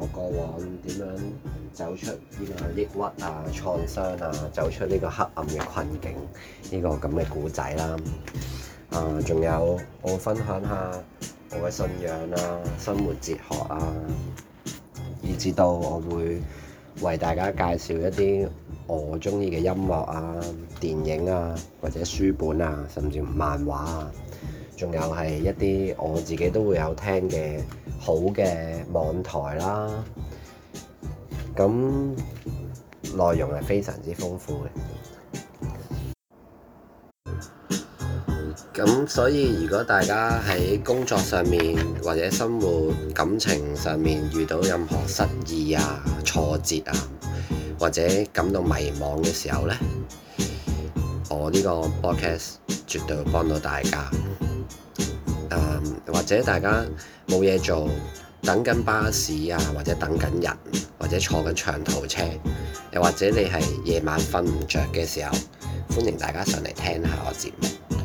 我過往點樣走出呢個抑鬱啊、創傷啊，走出呢個黑暗嘅困境呢、呢個咁嘅故仔啦。啊，仲、呃、有我分享下我嘅信仰啊、生活哲學啊，以至到我會為大家介紹一啲我中意嘅音樂啊、電影啊，或者書本啊，甚至漫畫啊，仲有係一啲我自己都會有聽嘅。好嘅網台啦，咁內容係非常之豐富嘅。咁 所以如果大家喺工作上面或者生活感情上面遇到任何失意啊、挫折啊，或者感到迷茫嘅時候呢，我呢個 podcast 絕對會幫到大家。Um, 或者大家冇嘢做，等緊巴士啊，或者等緊人，或者坐緊長途車，又或者你係夜晚瞓唔着嘅時候，歡迎大家上嚟聽下我節目。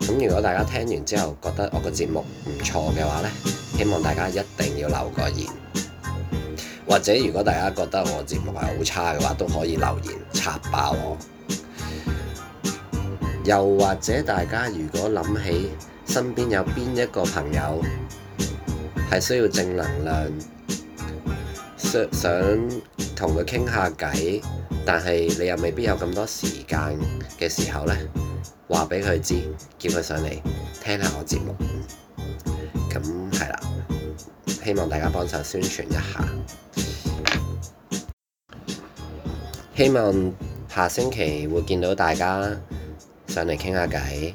咁如果大家聽完之後覺得我個節目唔錯嘅話呢，希望大家一定要留個言。或者如果大家覺得我節目係好差嘅話，都可以留言插爆我。又或者大家如果諗起，身邊有邊一個朋友係需要正能量，想同佢傾下偈，但係你又未必有咁多時間嘅時候呢，話俾佢知，叫佢上嚟聽下我節目，咁係啦，希望大家幫手宣傳一下，希望下星期會見到大家上嚟傾下偈。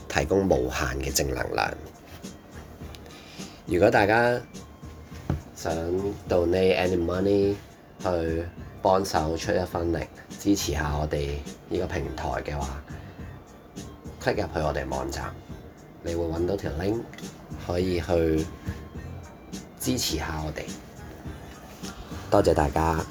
提供無限嘅正能量。如果大家想 donate any money 去幫手出一份力，支持下我哋呢個平台嘅話，click 入去我哋網站，你會揾到條 link 可以去支持下我哋。多謝大家！